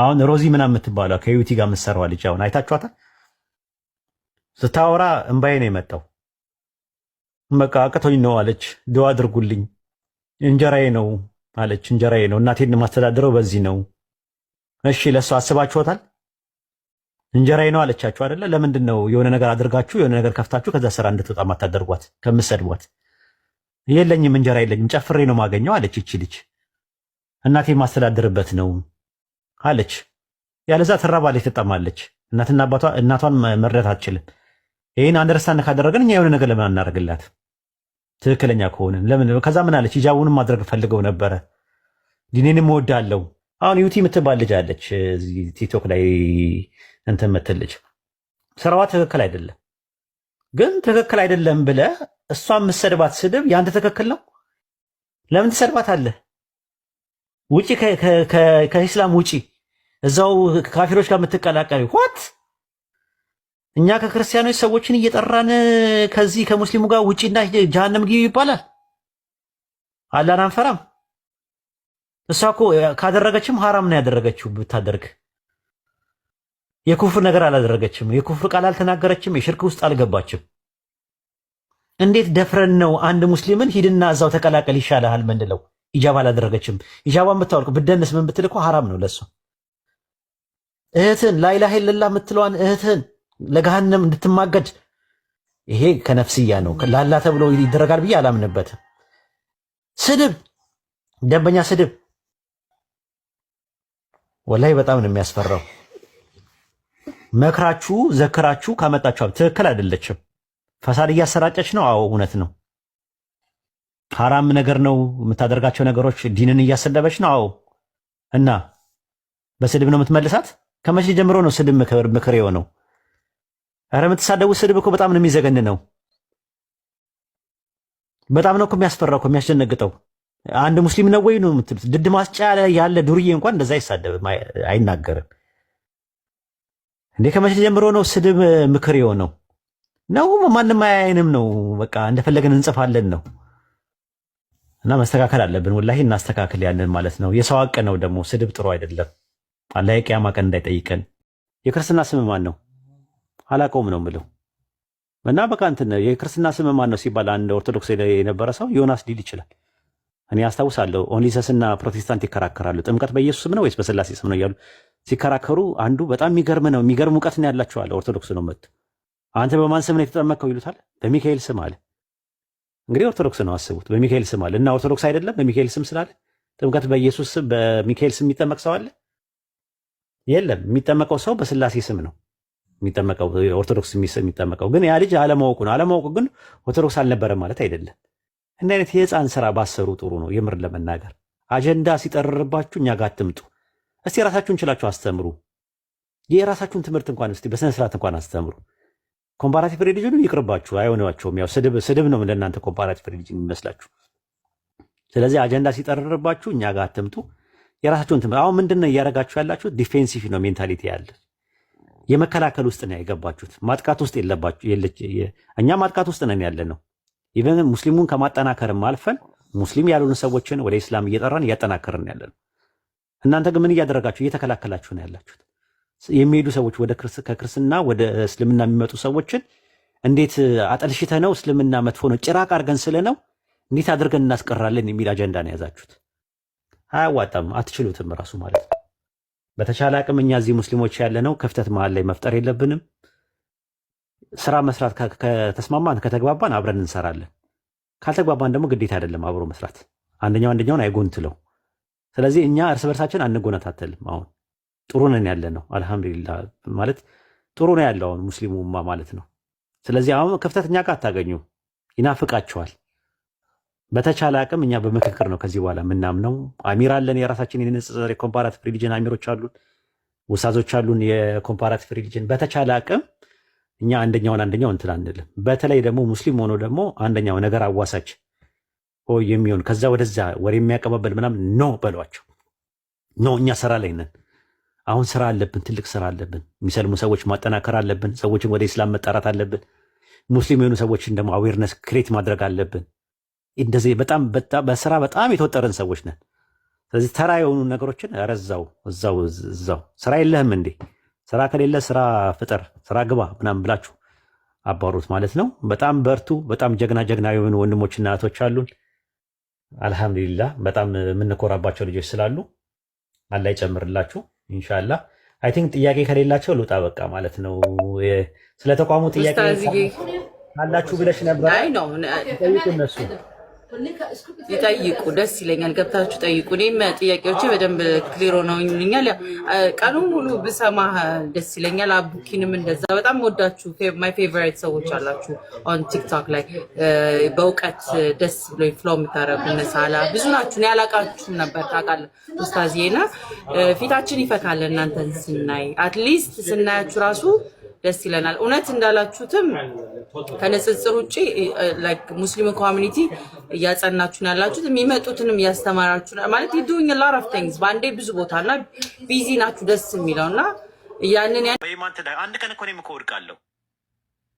አሁን ሮዚ ምና የምትባለው ከዩቲ ጋር የምትሰራዋ ልጅ አሁን አይታችኋታል። ስታወራ እምባዬ ነው የመጣው። በቃ አቅቶኝ ነው አለች። ድዋ አድርጉልኝ እንጀራዬ ነው አለች። እንጀራዬ ነው እናቴን ማስተዳደረው በዚህ ነው። እሺ ለእሱ አስባችኋታል? እንጀራዬ ነው አለቻችሁ አይደለ? ለምንድን ነው የሆነ ነገር አድርጋችሁ የሆነ ነገር ከፍታችሁ ከዛ ስራ እንድትወጣ ማታደርጓት? ከምትሰድቧት የለኝም እንጀራ የለኝም ጨፍሬ ነው ማገኘው አለች። ይቺ ልጅ እናቴን ማስተዳድርበት ነው አለች። ያለዛ ትራባለች፣ ትጠማለች። እናትና አባቷ እናቷን መርዳት አትችልም። ይህን አንደርስታንድ ካደረገን እኛ የሆነ ነገር ለምን አናደርግላት? ትክክለኛ ከሆነ ለምን ከዛ ምን አለች? ሂጃቡንም ማድረግ ፈልገው ነበረ፣ ዲኔንም እወዳለሁ። አሁን ዩቲ የምትባል ልጅ አለች፣ ቲክቶክ ላይ እንትን የምትል ልጅ ስራዋ ትክክል አይደለም። ግን ትክክል አይደለም ብለ እሷ የምትሰድባት ስድብ የአንተ ትክክል ነው? ለምን ትሰድባት አለ ውጪ ከኢስላም ውጪ እዛው ካፊሮች ጋር የምትቀላቀል ሆት እኛ ከክርስቲያኖች ሰዎችን እየጠራን ከዚህ ከሙስሊሙ ጋር ውጪና ጃሃንም ግቢ ይባላል። አላን አንፈራም። እሷ እኮ ካደረገችም ሀራም ነው ያደረገችው። ብታደርግ የኩፍር ነገር አላደረገችም። የኩፍር ቃል አልተናገረችም። የሽርክ ውስጥ አልገባችም። እንዴት ደፍረን ነው አንድ ሙስሊምን ሂድና እዛው ተቀላቀል ይሻልሃል ምንለው? ኢጃባ አላደረገችም። ኢጃባ ብታወልቅ ብደንስ ምን ብትል እኮ ሐራም ነው ለሷ እህትን ላይላህ ለላ የምትለዋን እህትን ለገሃነም እንድትማገድ ይሄ ከነፍስያ ነው ላላ ተብሎ ይደረጋል ብዬ አላምንበትም። ስድብ፣ ደንበኛ ስድብ ወላይ በጣም ነው የሚያስፈራው። መክራችሁ ዘክራችሁ ካመጣችሁ ትክክል አይደለችም። ፈሳድ እያሰራጨች ነው። አዎ እውነት ነው። ሀራም ነገር ነው የምታደርጋቸው ነገሮች። ዲንን እያሰደበች ነው። አዎ እና በስድብ ነው የምትመልሳት። ከመቼ ጀምሮ ነው ስድብ ምክር የሆነው? አረ የምትሳደቡ ስድብ እኮ በጣም ነው የሚዘገን ነው። በጣም ነው እኮ የሚያስፈራው እኮ የሚያስደነግጠው። አንድ ሙስሊም ነው ወይ ነው ድድ ማስጫ ያለ ዱርዬ እንኳን እንደዛ አይሳደብም አይናገርም። እንዴ ከመቼ ጀምሮ ነው ስድብ ምክር የሆነው? ነው ማንም አያየንም ነው በቃ እንደፈለገን እንጽፋለን ነው። እና መስተካከል አለብን። ወላሂ እናስተካክል ያለን ማለት ነው። የሰው አቅ ነው ደግሞ ስድብ ጥሩ አይደለም። አላህ የቅያማ ቀን እንዳይጠይቀን። የክርስትና ስም ማን ነው? አላቀውም ነው ምለው እና በቃ እንትን የክርስትና ስም ማን ነው ሲባል አንድ ኦርቶዶክስ የነበረ ሰው ዮናስ ሊል ይችላል። እኔ አስታውሳለሁ ኦኒሰስና ፕሮቴስታንት ይከራከራሉ። ጥምቀት በኢየሱስ ስም ነው ወይስ በስላሴ ስም ነው እያሉ ሲከራከሩ አንዱ በጣም የሚገርም ነው የሚገርም እውቀት ነው ያላቸው አለ። ኦርቶዶክስ ነው መጥ አንተ በማን ስም ነው የተጠመቀው ይሉታል። በሚካኤል ስም አለ። እንግዲህ ኦርቶዶክስ ነው አስቡት፣ በሚካኤል ስም አለ እና ኦርቶዶክስ አይደለም በሚካኤል ስም ስላለ ጥምቀት በኢየሱስ በሚካኤል ስም የሚጠመቅ ሰው አለ የለም። የሚጠመቀው ሰው በስላሴ ስም ነው የሚጠመቀው ኦርቶዶክስ የሚጠመቀው ግን ያ ልጅ አለማወቁ ነው። አለማወቁ ግን ኦርቶዶክስ አልነበረም ማለት አይደለም። እንደ አይነት የህፃን ስራ ባሰሩ ጥሩ ነው። የምር ለመናገር አጀንዳ ሲጠርርባችሁ እኛ ጋር አትምጡ። እስቲ የራሳችሁን ችላችሁ አስተምሩ። የራሳችሁን ትምህርት እንኳን እስቲ በስነ ስርዓት እንኳን አስተምሩ። ኮምፓራቲቭ ሬሊጅኑ ይቅርባችሁ፣ አይሆነዋቸውም። ያው ስድብ ነው ለእናንተ ኮምፓራቲቭ ሬሊጅን የሚመስላችሁ። ስለዚህ አጀንዳ ሲጠርርባችሁ እኛ ጋር አትምጡ። የራሳቸውን ትምህርት አሁን ምንድን ነው እያደረጋችሁ ያላችሁ? ዲፌንሲቭ ነው ሜንታሊቲ ያለ የመከላከል ውስጥ ነው የገባችሁት። ማጥቃት ውስጥ የለባችሁ። እኛ ማጥቃት ውስጥ ነን ያለ ነው። ኢቨን ሙስሊሙን ከማጠናከርም አልፈን ሙስሊም ያልሆኑ ሰዎችን ወደ ኢስላም እየጠራን እያጠናከርን ያለ ነው። እናንተ ግን ምን እያደረጋችሁ? እየተከላከላችሁ ነው ያላችሁት። የሚሄዱ ሰዎች ወደ ከክርስትና ወደ እስልምና የሚመጡ ሰዎችን እንዴት አጠልሽተ ነው እስልምና መጥፎ ነው ጭራቅ አድርገን ስለ ነው እንዴት አድርገን እናስቀራለን የሚል አጀንዳ ነው የያዛችሁት። አያዋጣም፣ አትችሉትም እራሱ ማለት ነው። በተቻለ አቅም እኛ እዚህ ሙስሊሞች ያለነው ክፍተት መሀል ላይ መፍጠር የለብንም። ስራ መስራት ከተስማማን ከተግባባን አብረን እንሰራለን። ካልተግባባን ደግሞ ግዴታ አይደለም አብሮ መስራት። አንደኛው አንደኛውን አይጎንትለው። ስለዚህ እኛ እርስ በርሳችን አንጎነታተልም። አሁን ጥሩ ነን ያለ ነው አልሐምዱሊላ ማለት ጥሩ ነው ያለው አሁን ሙስሊሙማ ማለት ነው። ስለዚህ አሁን ክፍተት እኛ ጋር አታገኙ፣ ይናፍቃችኋል። በተቻለ አቅም እኛ በምክክር ነው ከዚህ በኋላ የምናምነው። አሚር አለን፣ የራሳችን የንጽጽር የኮምፓራቲቭ ሪሊጅን አሚሮች አሉን፣ ውሳዞች አሉን፣ የኮምፓራቲቭ ሪሊጅን። በተቻለ አቅም እኛ አንደኛውን አንደኛው እንትን አንልም። በተለይ ደግሞ ሙስሊም ሆኖ ደግሞ አንደኛው ነገር አዋሳች የሚሆን ከዛ ወደዛ ወሬ የሚያቀባበል ምናምን ኖ በሏቸው። ኖ እኛ ስራ ላይ ነን። አሁን ስራ አለብን፣ ትልቅ ስራ አለብን። የሚሰልሙ ሰዎች ማጠናከር አለብን። ሰዎችን ወደ ኢስላም መጣራት አለብን። ሙስሊም የሆኑ ሰዎችን ደግሞ አዌርነስ ክሬት ማድረግ አለብን። እንደዚህ በጣም በስራ በጣም የተወጠረን ሰዎች ነን። ስለዚህ ተራ የሆኑ ነገሮችን ረዛው እዛው እዛው ስራ የለህም እንዴ? ስራ ከሌለ ስራ ፍጠር፣ ስራ ግባ ምናምን ብላችሁ አባሩት ማለት ነው። በጣም በርቱ። በጣም ጀግና ጀግና የሆኑ ወንድሞችና እህቶች አሉን። አልሐምዱሊላ በጣም የምንኮራባቸው ልጆች ስላሉ አላ ይጨምርላችሁ ኢንሻላ። አይ ቲንክ ጥያቄ ከሌላቸው ልውጣ በቃ ማለት ነው። ስለ ተቋሙ ጥያቄ ካላችሁ ብለሽ ነበር ነው እነሱ ይጠይቁ ደስ ይለኛል። ገብታችሁ ጠይቁ። እኔም ጥያቄዎች በደንብ ነው ሆነውኛል። ቀኑን ሙሉ ብሰማ ደስ ይለኛል። አቡኪንም እንደዛ በጣም ወዳችሁ ማይ ፌቨሪት ሰዎች አላችሁ ኦን ቲክቶክ ላይ በእውቀት ደስ ብሎ ፍሎ የምታደረጉ ነሳላ ብዙ ናችሁ። እኔ ያላቃችሁም ነበር ታውቃለህ። ዜና ፊታችን ይፈካል እናንተን ስናይ አትሊስት ስናያችሁ ራሱ ደስ ይለናል። እውነት እንዳላችሁትም ከንጽጽር ውጭ ሙስሊም ኮሚኒቲ እያጸናችሁን ያላችሁት የሚመጡትንም እያስተማራችሁ ማለት ዱኝ ላራፍ ቲንግስ በአንዴ ብዙ ቦታ እና ቢዚ ናችሁ። ደስ የሚለው እና ያንን አንድ ቀን እኮ እኔም እኮ ወድቃለሁ።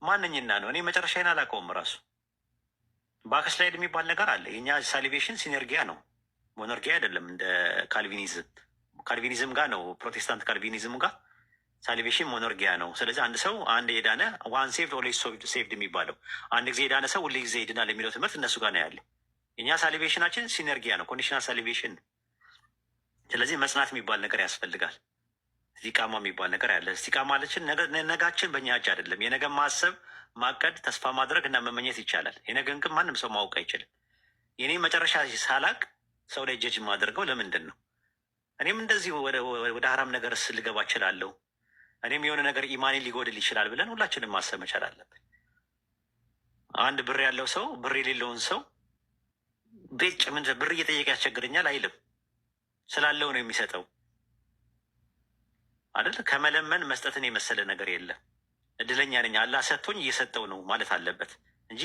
ማንኝና ነው እኔ መጨረሻዬን አላውቀውም። ራሱ ባክስላይድ የሚባል ነገር አለ። የኛ ሳሊቬሽን ሲነርጊያ ነው ሞነርጊያ አይደለም። እንደ ካልቪኒዝም ካልቪኒዝም ጋር ነው ፕሮቴስታንት ካልቪኒዝም ጋር ሳልቬሽን ሞኖርጊያ ነው። ስለዚህ አንድ ሰው አንድ የዳነ ዋን ሴቭድ ኦልዌይስ ሴቭድ የሚባለው አንድ ጊዜ የዳነ ሰው ሁሌ ጊዜ ይድናል የሚለው ትምህርት እነሱ ጋር ነው ያለ። እኛ ሳልቬሽናችን ሲነርጊያ ነው፣ ኮንዲሽናል ሳልቬሽን ነው። ስለዚህ መጽናት የሚባል ነገር ያስፈልጋል። ኢስቲቃማ የሚባል ነገር ያለ። ኢስቲቃማችን ነጋችን በእኛ እጅ አይደለም። የነገ ማሰብ ማቀድ፣ ተስፋ ማድረግ እና መመኘት ይቻላል። የነገን ግን ማንም ሰው ማወቅ አይችልም። የኔ መጨረሻ ሳላቅ ሰው ላይ ጀጅ ማደርገው ለምንድን ነው? እኔም እንደዚህ ወደ ሀራም ነገር ስልገባ እችላለሁ። እኔም የሆነ ነገር ኢማኔ ሊጎድል ይችላል ብለን ሁላችንም ማሰብ መቻል አለብን። አንድ ብር ያለው ሰው ብር የሌለውን ሰው ቤጭ ምን ብር እየጠየቀ ያስቸግረኛል አይልም። ስላለው ነው የሚሰጠው አይደል? ከመለመን መስጠትን የመሰለ ነገር የለም። እድለኛ ነኝ አላህ ሰጥቶኝ እየሰጠው ነው ማለት አለበት እንጂ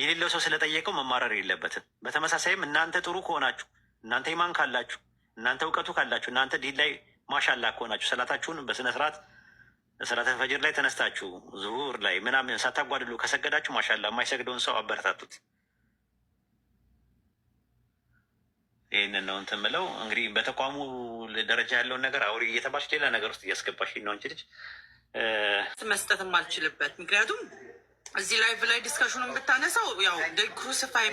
የሌለው ሰው ስለጠየቀው መማረር የለበትም። በተመሳሳይም እናንተ ጥሩ ከሆናችሁ እናንተ ኢማን ካላችሁ እናንተ እውቀቱ ካላችሁ እናንተ ዲን ላይ ማሻላ ከሆናችሁ ሰላታችሁን በስነ ስርዓት ፈጅር ላይ ተነስታችሁ ዙሁር ላይ ምናምን ሳታጓድሉ ከሰገዳችሁ ማሻላ። የማይሰግደውን ሰው አበረታቱት። ይህንን ነው እንትን ምለው እንግዲህ በተቋሙ ደረጃ ያለውን ነገር አውሪ እየተባለች ሌላ ነገር ውስጥ እያስገባሽ ነው እንጂ ልጅ መስጠትም አልችልበት ምክንያቱም እዚህ ላይ ላይ ዲስከሽኑን ብታነሳው ያው ክሩሲፋይ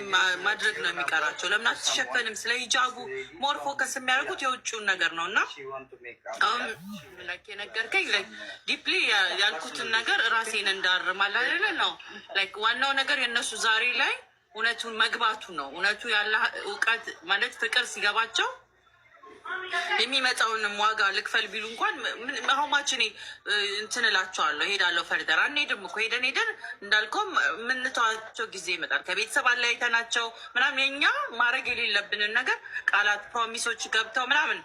ማድረግ ነው የሚቀራቸው። ለምን አትሸፈንም? ስለ ሂጃቡ ሞር ፎከስ የሚያደርጉት የውጭውን ነገር ነው። እና አሁን ላይክ የነገርከኝ ላይክ ዲፕሊ ያልኩትን ነገር ራሴን እንዳርማል አይደለ ነው። ላይክ ዋናው ነገር የእነሱ ዛሬ ላይ እውነቱን መግባቱ ነው። እውነቱ ያለ እውቀት ማለት ፍቅር ሲገባቸው የሚመጣውንም ዋጋ ልክፈል ቢሉ እንኳን ሁማችን እኔ እንትን እላቸዋለሁ ሄዳለሁ። ፈርደር አንሄድም እኮ ሄደን ሄደን እንዳልከውም የምንተዋቸው ጊዜ ይመጣል። ከቤተሰብ አለያይተናቸው ምናምን የኛ ማድረግ የሌለብንን ነገር ቃላት፣ ፕሮሚሶች ገብተው ምናምን